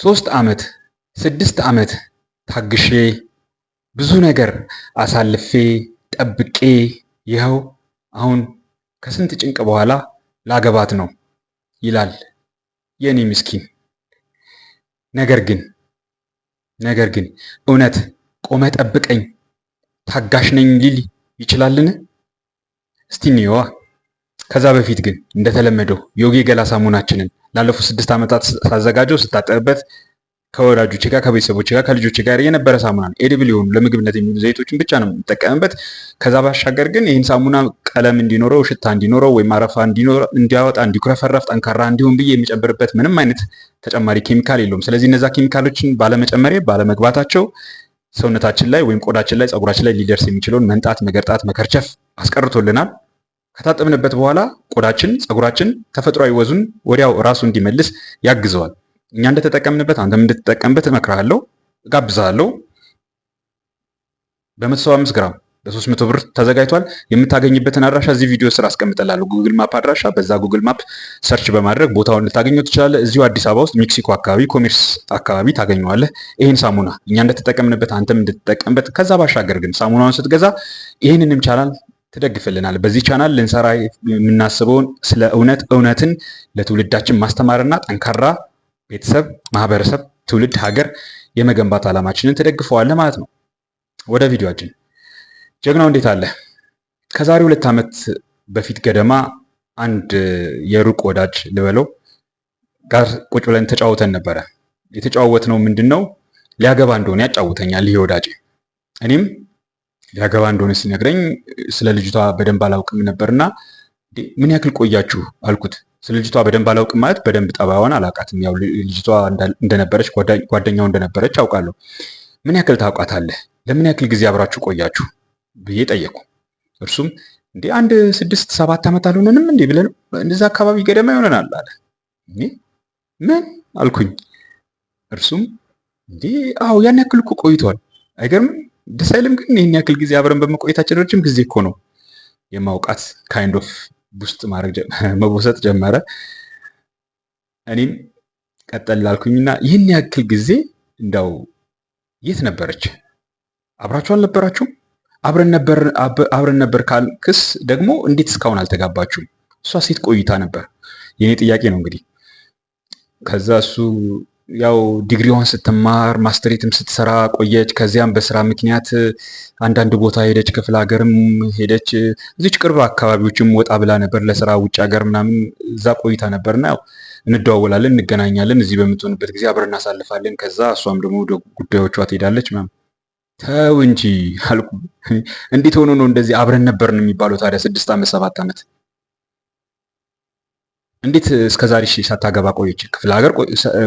ሶስት ዓመት ስድስት ዓመት ታግሼ ብዙ ነገር አሳልፌ ጠብቄ ይኸው አሁን ከስንት ጭንቅ በኋላ ላገባት ነው ይላል የኔ ምስኪን። ነገር ግን ነገር ግን እውነት ቆመ ጠብቀኝ ታጋሽ ነኝ ሊል ይችላልን? እስቲ እንየዋ። ከዛ በፊት ግን እንደተለመደው ዮጊ ገላ ሳሙናችንን ላለፉት ስድስት ዓመታት ሳዘጋጀው ስታጠብበት ከወዳጆች ጋር ከቤተሰቦች ጋር ከልጆች ጋር የነበረ ሳሙና ነው። ኤድብል የሆኑ ለምግብነት የሚውሉ ዘይቶችን ብቻ ነው የምጠቀምበት። ከዛ ባሻገር ግን ይህን ሳሙና ቀለም እንዲኖረው፣ ሽታ እንዲኖረው፣ ወይም አረፋ እንዲያወጣ፣ እንዲኩረፈረፍ፣ ጠንካራ እንዲሆን ብዬ የሚጨምርበት ምንም አይነት ተጨማሪ ኬሚካል የለውም። ስለዚህ እነዛ ኬሚካሎችን ባለመጨመሬ ባለመግባታቸው ሰውነታችን ላይ ወይም ቆዳችን ላይ፣ ጸጉራችን ላይ ሊደርስ የሚችለውን መንጣት፣ መገርጣት፣ መከርቸፍ አስቀርቶልናል። ከታጠብንበት በኋላ ቆዳችን፣ ፀጉራችን ተፈጥሯዊ ወዙን ወዲያው ራሱ እንዲመልስ ያግዘዋል። እኛ እንደተጠቀምንበት አንተም እንድትጠቀምበት እመክርሃለሁ፣ እጋብዝሃለሁ። በ175 ግራም በ300 ብር ተዘጋጅቷል። የምታገኝበትን አድራሻ እዚህ ቪዲዮ ስር አስቀምጠላለሁ፣ ጉግል ማፕ አድራሻ። በዛ ጉግል ማፕ ሰርች በማድረግ ቦታውን ልታገኘው ትችላለህ። እዚሁ አዲስ አበባ ውስጥ ሜክሲኮ አካባቢ ኮሜርስ አካባቢ ታገኘዋለህ። ይህን ሳሙና እኛ እንደተጠቀምንበት አንተም እንድትጠቀምበት ከዛ ባሻገር ግን ሳሙናውን ስትገዛ ይህንንም ቻላል ትደግፍልናል። በዚህ ቻናል ልንሰራ የምናስበውን ስለ እውነት እውነትን ለትውልዳችን ማስተማርና ጠንካራ ቤተሰብ፣ ማህበረሰብ፣ ትውልድ፣ ሀገር የመገንባት ዓላማችንን ትደግፈዋለህ ማለት ነው። ወደ ቪዲዮአችን። ጀግናው እንዴት አለ? ከዛሬ ሁለት ዓመት በፊት ገደማ አንድ የሩቅ ወዳጅ ልበለው ጋር ቁጭ ብለን ተጫውተን ነበረ። የተጫወት ነው ምንድን ነው ሊያገባ እንደሆነ ያጫውተኛል ይሄ ወዳጅ እኔም ሊያገባ እንደሆነ ሲነግረኝ ስለ ልጅቷ በደንብ አላውቅም ነበርና ምን ያክል ቆያችሁ አልኩት። ስለ ልጅቷ በደንብ አላውቅም ማለት በደንብ ጠባዋን አላውቃትም። ያው ልጅቷ እንደነበረች ጓደኛው እንደነበረች አውቃለሁ። ምን ያክል ታውቃታለህ? ለምን ያክል ጊዜ አብራችሁ ቆያችሁ ብዬ ጠየቁ። እርሱም እንዴ አንድ ስድስት ሰባት ዓመት አልሆነንም እንዴ ብለን እንደዛ አካባቢ ገደማ ይሆነናል አለ። ምን አልኩኝ። እርሱም እንዴ አዎ ያን ያክል እኮ ቆይቷል አይገርምም ደስ አይልም? ግን ይህን ያክል ጊዜ አብረን በመቆየታችን ረጅም ጊዜ እኮ ነው የማውቃት ካይንድ ኦፍ ውስጥ ማድረግ መቦሰጥ ጀመረ። እኔም ቀጠል ላልኩኝና ይህን ያክል ጊዜ እንዳው የት ነበረች? አብራችሁ አልነበራችሁም? አብረን ነበር ካልክስ ደግሞ እንዴት እስካሁን አልተጋባችሁም? እሷ ሴት ቆይታ ነበር። የእኔ ጥያቄ ነው እንግዲህ ከዛ እሱ ያው ዲግሪዋን ስትማር ማስትሬትም ስትሰራ ቆየች። ከዚያም በስራ ምክንያት አንዳንድ ቦታ ሄደች፣ ክፍለ ሀገርም ሄደች። እዚች ቅርብ አካባቢዎችም ወጣ ብላ ነበር ለስራ ውጭ ሀገር ምናምን እዛ ቆይታ ነበርና ያው እንደዋወላለን፣ እንገናኛለን። እዚህ በምትሆንበት ጊዜ አብረን እናሳልፋለን። ከዛ እሷም ደግሞ ወደ ጉዳዮቿ ትሄዳለች ምናምን ተው እንጂ አልኩ። እንዴት ሆኖ ነው እንደዚህ አብረን ነበር የሚባለው? ታዲያ ስድስት ዓመት ሰባት ዓመት እንዴት እስከ ዛሬ ሳታገባ ቆየች? ክፍለ ሀገር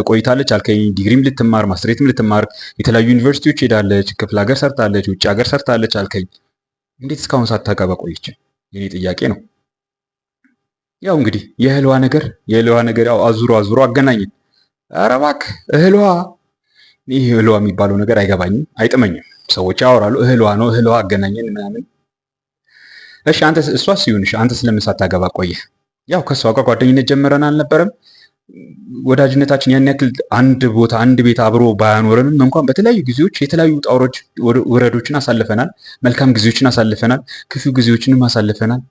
ቆይታለች አልከኝ። ዲግሪም ልትማር ማስትሬትም ልትማር የተለያዩ ዩኒቨርሲቲዎች ሄዳለች። ክፍለ ሀገር ሰርታለች፣ ውጭ ሀገር ሰርታለች አልከኝ። እንዴት እስካሁን ሳታገባ ቆየች? የኔ ጥያቄ ነው። ያው እንግዲህ የእህልዋ ነገር የእህልዋ ነገር ያው አዙሮ አዙሮ አገናኝ። ኧረ እባክህ እህልዋ፣ ይህ እህልዋ የሚባለው ነገር አይገባኝም፣ አይጥመኝም። ሰዎች ያወራሉ እህልዋ ነው እህልዋ አገናኘን ምናምን። እሺ አንተ እሷስ ይሁንሽ፣ አንተ ስለምን ሳታገባ ቆየህ? ያው ከእሷ ጋር ጓደኝነት ጀምረን አልነበረም። ወዳጅነታችን ያን ያክል አንድ ቦታ አንድ ቤት አብሮ ባያኖረንም እንኳን በተለያዩ ጊዜዎች የተለያዩ ጣውሮች ውረዶችን አሳልፈናል። መልካም ጊዜዎችን አሳልፈናል። ክፉ ጊዜዎችንም አሳልፈናል።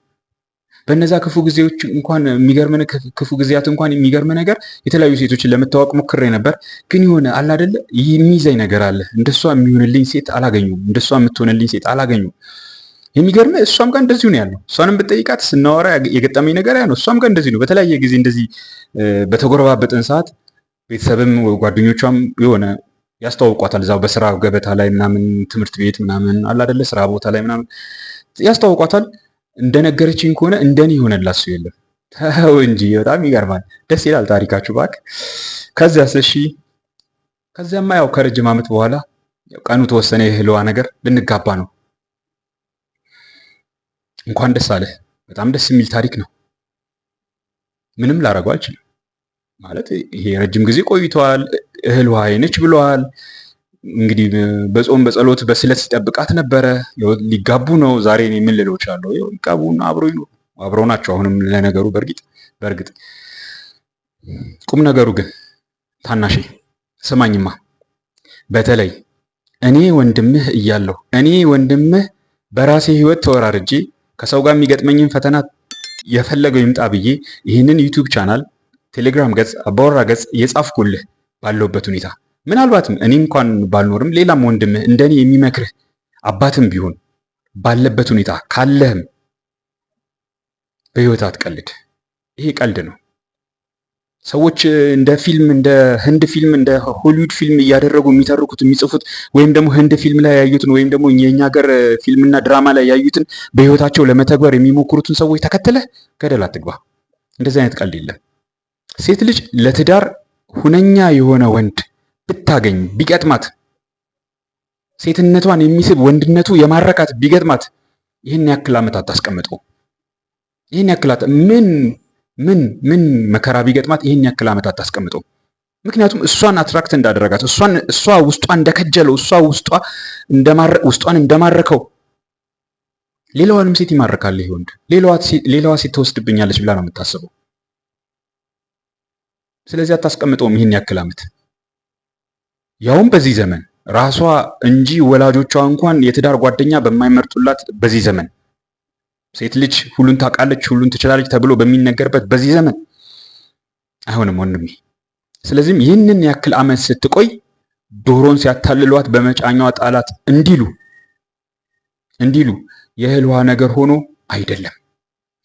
በነዛ ክፉ ጊዜዎች እንኳን የሚገርመን ክፉ ጊዜያት እንኳን የሚገርም ነገር የተለያዩ ሴቶችን ለመታወቅ ሞክሬ ነበር። ግን የሆነ አለ አይደለ የሚይዘኝ ነገር አለ። እንደሷ የሚሆንልኝ ሴት አላገኙም። እንደሷ የምትሆንልኝ ሴት አላገኙም። የሚገርም እሷም ጋር እንደዚሁ ነው ያለው። እሷንም ብጠይቃት ስናወራ የገጠመኝ ነገር ያ ነው። እሷም ጋር እንደዚሁ ነው። በተለያየ ጊዜ እንደዚህ በተጎረባበጥን ሰዓት ቤተሰብም ጓደኞቿም የሆነ ያስተዋውቋታል። እዛው በስራ ገበታ ላይ ምናምን ትምህርት ቤት ምናምን አላደለ ስራ ቦታ ላይ ምናምን ያስተዋውቋታል። እንደነገረችኝ ከሆነ እንደኔ የሆነላት እሱ የለም። ተው እንጂ በጣም ይገርማል። ደስ ይላል ታሪካችሁ ባክ። ከዚያ ስለሺ ከዚያማ ያው ከረጅም ዓመት በኋላ ቀኑ ተወሰነ። የህልዋ ነገር ልንጋባ ነው እንኳን ደስ አለህ። በጣም ደስ የሚል ታሪክ ነው። ምንም ላረገው አልችልም። ማለት ይሄ ረጅም ጊዜ ቆይተዋል። እህል ውሃ አይነች ብለዋል። እንግዲህ በጾም በጸሎት በስለት ሲጠብቃት ነበረ። ሊጋቡ ነው ዛሬ ምን ልለው እችላለሁ? ሊጋቡና አብረው ይኖሩ አብረው ናቸው። አሁንም ለነገሩ በእርግጥ በእርግጥ ቁም ነገሩ ግን ታናሽ ስማኝማ፣ በተለይ እኔ ወንድምህ እያለሁ እኔ ወንድምህ በራሴ ህይወት ተወራርጄ ከሰው ጋር የሚገጥመኝን ፈተና የፈለገው ይምጣ ብዬ ይህንን ዩቲዩብ ቻናል፣ ቴሌግራም ገጽ፣ አባወራ ገጽ እየጻፍኩልህ ባለሁበት ሁኔታ ምናልባትም እኔ እንኳን ባልኖርም ሌላም ወንድምህ እንደኔ የሚመክርህ አባትም ቢሆን ባለበት ሁኔታ ካለህም በህይወት አትቀልድ። ይሄ ቀልድ ነው። ሰዎች እንደ ፊልም እንደ ህንድ ፊልም እንደ ሆሊውድ ፊልም እያደረጉ የሚተርኩት የሚጽፉት ወይም ደግሞ ህንድ ፊልም ላይ ያዩትን ወይም ደግሞ የእኛ ሀገር ፊልምና ድራማ ላይ ያዩትን በህይወታቸው ለመተግበር የሚሞክሩትን ሰዎች ተከትለህ ገደል አትግባ። እንደዚህ አይነት ቀልድ የለም። ሴት ልጅ ለትዳር ሁነኛ የሆነ ወንድ ብታገኝ ቢገጥማት፣ ሴትነቷን የሚስብ ወንድነቱ የማረካት ቢገጥማት፣ ይህን ያክል ዓመት አታስቀምጠው። ይህን ያክል ምን ምን ምን መከራ ቢገጥማት ይህን ያክል ዓመት አታስቀምጠው። ምክንያቱም እሷን አትራክት እንዳደረጋት እሷን እሷ ውስጧ እንደከጀለው እሷ ውስጧ ውስጧን እንደማረከው ሌላዋንም ሴት ይማርካል ይሄ ወንድ። ሌላዋ ሴት ተወስድብኛለች ብላ ነው የምታስበው። ስለዚህ አታስቀምጠውም ይህን ያክል ዓመት ያውም በዚህ ዘመን ራሷ እንጂ ወላጆቿ እንኳን የትዳር ጓደኛ በማይመርጡላት በዚህ ዘመን ሴት ልጅ ሁሉን ታውቃለች፣ ሁሉን ትችላለች ተብሎ በሚነገርበት በዚህ ዘመን አይሆንም ወንድሜ። ስለዚህም ይህንን ያክል ዓመት ስትቆይ ዶሮን ሲያታልሏት በመጫኛዋ ጣላት እንዲሉ እንዲሉ የእህል ውሃ ነገር ሆኖ አይደለም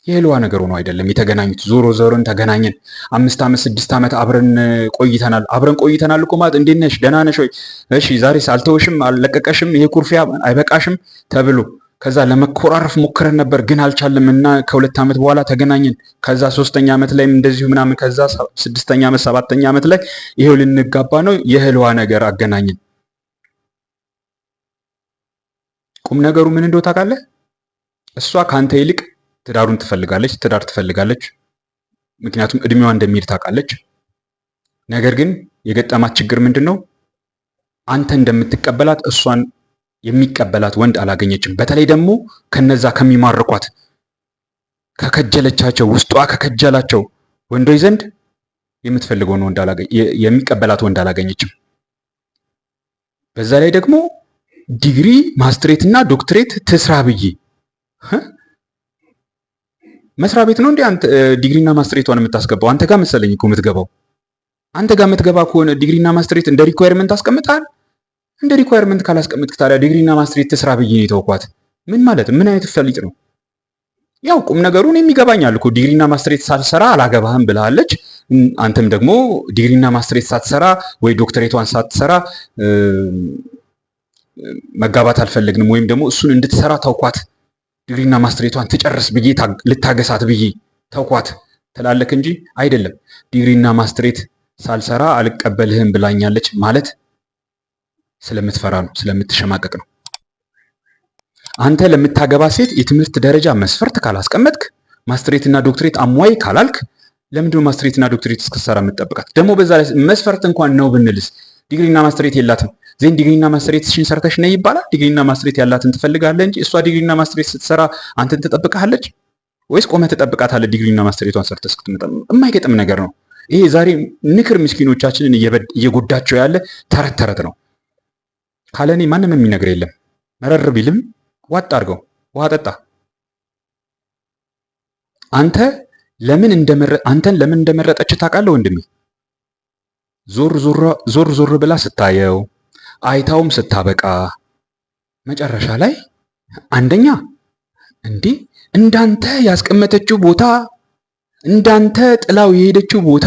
የእህል ውሃ ነገር ሆኖ አይደለም የተገናኙት። ዞሮ ዞሮን ተገናኘን። አምስት ዓመት ስድስት ዓመት አብረን ቆይተናል። አብረን ቆይተናል እኮ ማለት እንዴት ነሽ? ደህና ነሽ ወይ? እሺ ዛሬ አልተውሽም፣ አልለቀቀሽም፣ ይሄ ኩርፊያ አይበቃሽም ተብሎ ከዛ ለመኮራረፍ ሞክረን ነበር ግን አልቻለም እና ከሁለት ዓመት በኋላ ተገናኘን። ከዛ ሶስተኛ ዓመት ላይም እንደዚሁ ምናምን ከዛ ስድስተኛ ዓመት ሰባተኛ ዓመት ላይ ይሄው ልንጋባ ነው የህልዋ ነገር አገናኘን። ቁም ነገሩ ምን እንደው ታውቃለህ? እሷ ከአንተ ይልቅ ትዳሩን ትፈልጋለች፣ ትዳር ትፈልጋለች። ምክንያቱም እድሜዋ እንደሚሄድ ታውቃለች። ነገር ግን የገጠማት ችግር ምንድን ነው? አንተ እንደምትቀበላት እሷን የሚቀበላት ወንድ አላገኘችም። በተለይ ደግሞ ከነዛ ከሚማርኳት ከከጀለቻቸው ውስጧ ከከጀላቸው ወንዶች ዘንድ የምትፈልገውን ወንድ የሚቀበላት ወንድ አላገኘችም። በዛ ላይ ደግሞ ዲግሪ ማስትሬት እና ዶክትሬት ትስራ ብዬ መስሪያ ቤት ነው እንዴ አንተ ዲግሪና ማስትሬቷን የምታስገባው? አንተ ጋር መሰለኝ እኮ የምትገባው። አንተ ጋር የምትገባ ከሆነ ዲግሪና ማስትሬት እንደ ሪኳየርመንት አስቀምጣል። እንደ ሪኳየርመንት ካላስቀምጥክ ታዲያ ዲግሪና ማስትሬት ትስራ ብዬ ነው የተውኳት። ምን ማለት ምን አይነት ፈሊጥ ነው? ያው ቁም ነገሩን የሚገባኛል እኮ ዲግሪና ማስትሬት ሳትሰራ አላገባህም ብለሃለች። አንተም ደግሞ ዲግሪና ማስትሬት ሳትሰራ ወይ ዶክተሬቷን ሳትሰራ መጋባት አልፈለግንም ወይም ደግሞ እሱን እንድትሰራ ተውኳት፣ ዲግሪና ማስትሬቷን ትጨርስ ብዬ ልታገሳት ብዬ ተውኳት ትላለክ እንጂ አይደለም ዲግሪና ማስትሬት ሳልሰራ አልቀበልህም ብላኛለች ማለት ስለምትፈራ ነው፣ ስለምትሸማቀቅ ነው። አንተ ለምታገባ ሴት የትምህርት ደረጃ መስፈርት ካላስቀመጥክ፣ እና ዶክትሬት አሟይ ካላልክ ለምንድነው ማስትሬትና ዶክትሬት እስክትሰራ የምትጠብቃት? ደግሞ በዛ ላይ መስፈርት እንኳን ነው ብንልስ ዲግሪና ማስትሬት የላትም ዜን ዲግሪና ማስትሬት ሽን ሰርተሽ ነይ ይባላል። ዲግሪና ማስትሬት ያላትን ትፈልጋለህ እንጂ እሷ ዲግሪና ማስትሬት ስትሰራ አንተን ትጠብቃለች ወይስ ቆመ ትጠብቃታለህ? ዲግሪና ማስትሬቷን ሰርተህ እስክትመጣ የማይገጥም ነገር ነው። ይሄ ዛሬ ንክር ምስኪኖቻችንን እየጎዳቸው ያለ ተረት ተረት ነው። ካለ እኔ ማንም የሚነግር የለም። መረር ቢልም ዋጥ አድርገው ውሃ ጠጣ። አንተ ለምን አንተን ለምን እንደመረጠች ታውቃለህ ወንድሜ። ዞር ዞር ብላ ስታየው አይታውም ስታበቃ መጨረሻ ላይ አንደኛ እንዴ እንዳንተ ያስቀመጠችው ቦታ እንዳንተ ጥላው የሄደችው ቦታ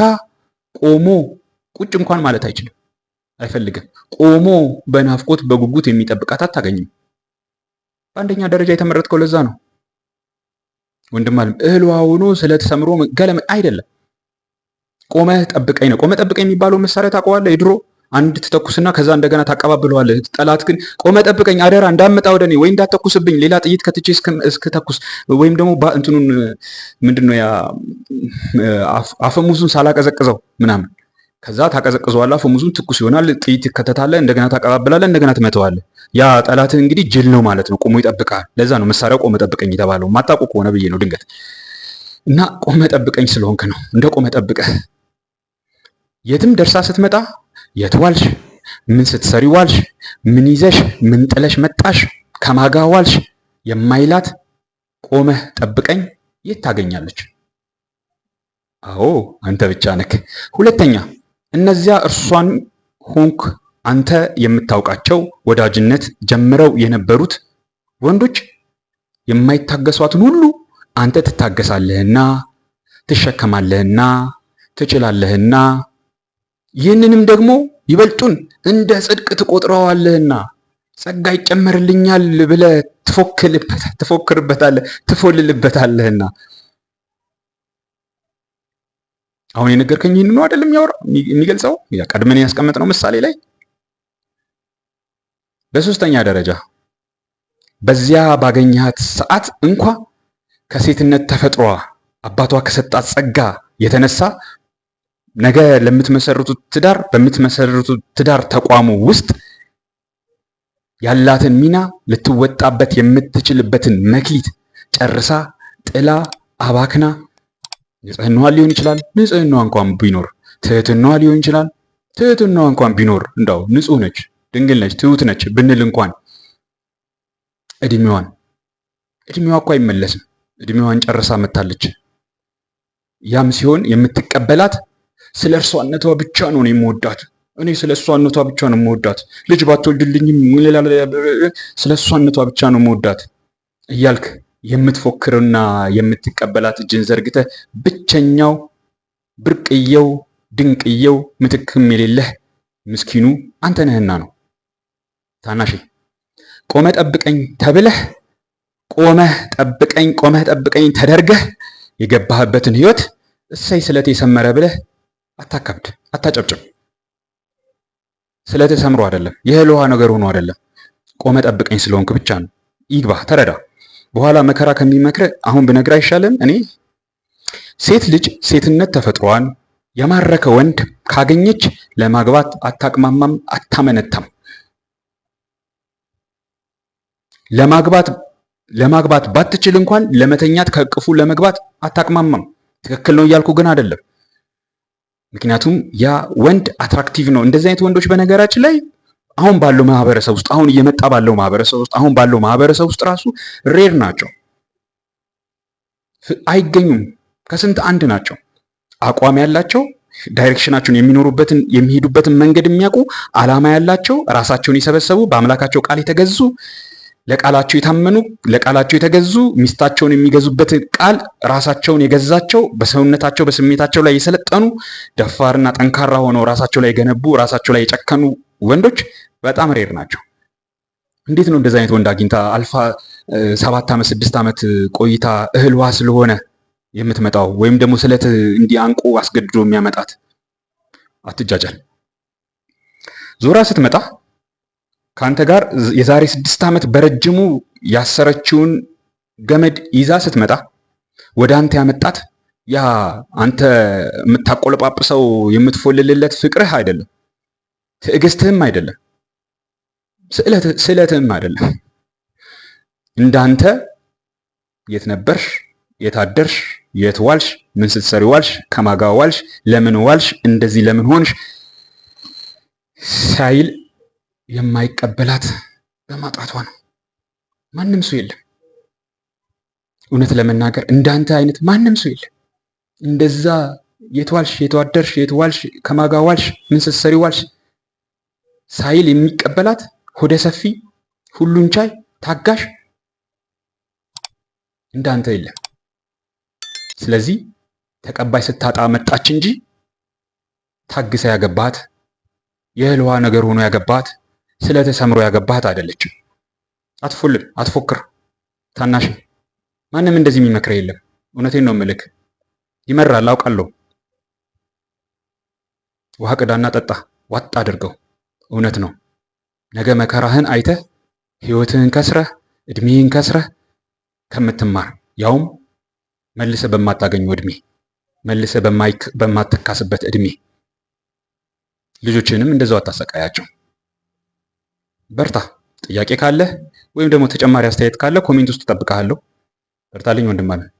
ቆሞ ቁጭ እንኳን ማለት አይችልም። አይፈልግም። ቆሞ በናፍቆት በጉጉት የሚጠብቃት አታገኝም። በአንደኛ ደረጃ የተመረጥከው ለዛ ነው። ወንድም አለም እህል ሆኖ ስለተሰምሮ ገለም አይደለም። ቆመህ ጠብቀኝ ነው። ቆመህ ጠብቀኝ የሚባለው መሳሪያ ታውቀዋለህ? የድሮ አንድ ትተኩስና ከዛ እንደገና ታቀባብለዋለህ። ጠላት ግን ቆመህ ጠብቀኝ፣ አደራ እንዳመጣ ወደ እኔ ወይ እንዳተኩስብኝ፣ ሌላ ጥይት ከትቼ እስክተኩስ ወይም ደግሞ እንትኑን ምንድን ነው ያ አፈሙዙን ሳላቀዘቅዘው ምናምን ከዛ ታቀዘቅዘዋለህ። አፈሙዙን ትኩስ ይሆናል። ጥይት ይከተታለህ። እንደገና ታቀባብላለህ። እንደገና ትመተዋለህ። ያ ጠላትህ እንግዲህ ጅል ነው ማለት ነው። ቆሞ ይጠብቃል። ለዛ ነው መሳሪያው ቆመ ጠብቀኝ የተባለው። ማጣቁ ከሆነ ብዬ ነው ድንገት እና ቆመ ጠብቀኝ ስለሆንክ ነው። እንደ ቆመ ጠብቀህ የትም ደርሳ ስትመጣ የት ዋልሽ? ምን ስትሰሪ ዋልሽ? ምን ይዘሽ ምን ጥለሽ መጣሽ? ከማጋ ዋልሽ የማይላት ቆመህ ጠብቀኝ የት ታገኛለች? አዎ አንተ ብቻ ነክ። ሁለተኛ እነዚያ እርሷን ሆንክ አንተ የምታውቃቸው ወዳጅነት ጀምረው የነበሩት ወንዶች የማይታገሷትን ሁሉ አንተ ትታገሳለህና ትሸከማለህና ትችላለህና ይህንንም ደግሞ ይበልጡን እንደ ጽድቅ ትቆጥረዋለህና ጸጋ ይጨመርልኛል ብለህ ትፎልልበታለህና። አሁን የነገርከኝ ይህንኑ አይደለም የሚያወራ የሚገልጸው ቀድመን ያስቀመጥነው ምሳሌ ላይ። በሶስተኛ ደረጃ በዚያ ባገኛት ሰዓት እንኳ ከሴትነት ተፈጥሯ አባቷ ከሰጣት ጸጋ የተነሳ ነገ ለምትመሰርቱት ትዳር በምትመሰርቱት ትዳር ተቋሙ ውስጥ ያላትን ሚና ልትወጣበት የምትችልበትን መክሊት ጨርሳ ጥላ አባክና ንጽህናዋ ሊሆን ይችላል። ንጽህናዋ እንኳን ቢኖር ትህትናዋ ሊሆን ይችላል። ትህትናዋ እንኳን ቢኖር እንዳው ንጹህ ነች፣ ድንግል ነች፣ ትሁት ነች ብንል እንኳን እድሜዋን እድሜዋ እኮ አይመለስም። እድሜዋን ጨርሳ መታለች። ያም ሲሆን የምትቀበላት ስለ እርሷነቷ ብቻ ነው እኔ የምወዳት እኔ ስለ እሷነቷ ብቻ ነው የምወዳት ልጅ ባትወልድልኝም ስለ እሷነቷ ብቻ ነው የምወዳት እያልክ የምትፎክርና የምትቀበላት እጅን ዘርግተ ብቸኛው ብርቅየው ድንቅየው ምትክም የሌለህ ምስኪኑ አንተ ነህና ነው። ታናሼ ቆመ ጠብቀኝ ተብለህ ቆመህ ጠብቀኝ ቆመህ ጠብቀኝ ተደርገህ የገባህበትን ህይወት እሰይ ስለቴ የሰመረ ብለህ አታከብድ አታጨብጭብ። ስለቴ ሰምሮ አይደለም ውሃ ነገር ሆኖ አይደለም። ቆመ ጠብቀኝ ስለሆንክ ብቻ ነው። ይግባህ፣ ተረዳ። በኋላ መከራ ከሚመክረ አሁን ብነግር አይሻለም እኔ ሴት ልጅ ሴትነት ተፈጥሯን የማረከ ወንድ ካገኘች ለማግባት አታቅማማም፣ አታመነታም። ለማግባት ለማግባት ባትችል እንኳን ለመተኛት ከቅፉ ለመግባት አታቅማማም። ትክክል ነው እያልኩ ግን አይደለም። ምክንያቱም ያ ወንድ አትራክቲቭ ነው። እንደዚህ አይነት ወንዶች በነገራችን ላይ አሁን ባለው ማህበረሰብ ውስጥ አሁን እየመጣ ባለው ማህበረሰብ ውስጥ አሁን ባለው ማህበረሰብ ውስጥ ራሱ ሬር ናቸው፣ አይገኙም። ከስንት አንድ ናቸው። አቋም ያላቸው ዳይሬክሽናቸውን የሚኖሩበትን የሚሄዱበትን መንገድ የሚያውቁ ዓላማ ያላቸው ራሳቸውን የሰበሰቡ በአምላካቸው ቃል የተገዙ ለቃላቸው የታመኑ ለቃላቸው የተገዙ ሚስታቸውን የሚገዙበት ቃል ራሳቸውን የገዛቸው በሰውነታቸው በስሜታቸው ላይ የሰለጠኑ ደፋርና ጠንካራ ሆነው ራሳቸው ላይ የገነቡ ራሳቸው ላይ የጨከኑ ወንዶች በጣም ሬር ናቸው። እንዴት ነው እንደዚህ አይነት ወንድ አግኝታ አልፋ ሰባት ዓመት ስድስት ዓመት ቆይታ እህል ስለሆነ የምትመጣው ወይም ደግሞ ስለት እንዲህ አንቆ አስገድዶ የሚያመጣት? አትጃጃል ዞራ ስትመጣ ከአንተ ጋር የዛሬ ስድስት ዓመት በረጅሙ ያሰረችውን ገመድ ይዛ ስትመጣ ወደ አንተ ያመጣት ያ አንተ የምታቆለጳጵሰው የምትፎልልለት ፍቅርህ አይደለም፣ ትዕግስትህም አይደለም፣ ስዕለትህም አይደለም። እንዳንተ የት ነበርሽ? የት አደርሽ? የት ዋልሽ? ምን ስትሰሪ ዋልሽ? ከማጋ ዋልሽ? ለምን ዋልሽ? እንደዚህ ለምን ሆንሽ? ሳይል የማይቀበላት በማጣቷ ነው። ማንም ሰው የለም። እውነት ለመናገር እንዳንተ አይነት ማንም ሰው የለም። እንደዛ የትዋልሽ የተዋደርሽ የትዋልሽ ከማጋ ዋልሽ ምን ስትሰሪ ዋልሽ ሳይል የሚቀበላት ሆደ ሰፊ፣ ሁሉን ቻይ፣ ታጋሽ እንዳንተ የለም። ስለዚህ ተቀባይ ስታጣ መጣች እንጂ ታግሳ ያገባት የእህልዋ ነገር ሆኖ ያገባት ስለተሰምሮ ያገባህት አይደለችም። አትፎልም፣ አትፎክር። ታናሽ ማንም እንደዚህ የሚመክረ የለም። እውነቴን ነው ምልክ ይመራል፣ አውቃለሁ። ውሃ ቅዳና ጠጣ፣ ዋጥ አድርገው። እውነት ነው። ነገ መከራህን አይተህ ህይወትህን ከስረህ እድሜህን ከስረህ ከምትማር ያውም መልሰ በማታገኙ እድሜ መልሰ በማትካስበት እድሜ ልጆችንም እንደዛው አታሰቃያቸው። በርታ። ጥያቄ ካለህ ወይም ደግሞ ተጨማሪ አስተያየት ካለ ኮሜንት ውስጥ እጠብቅሃለሁ። በርታልኝ ወንድማለን።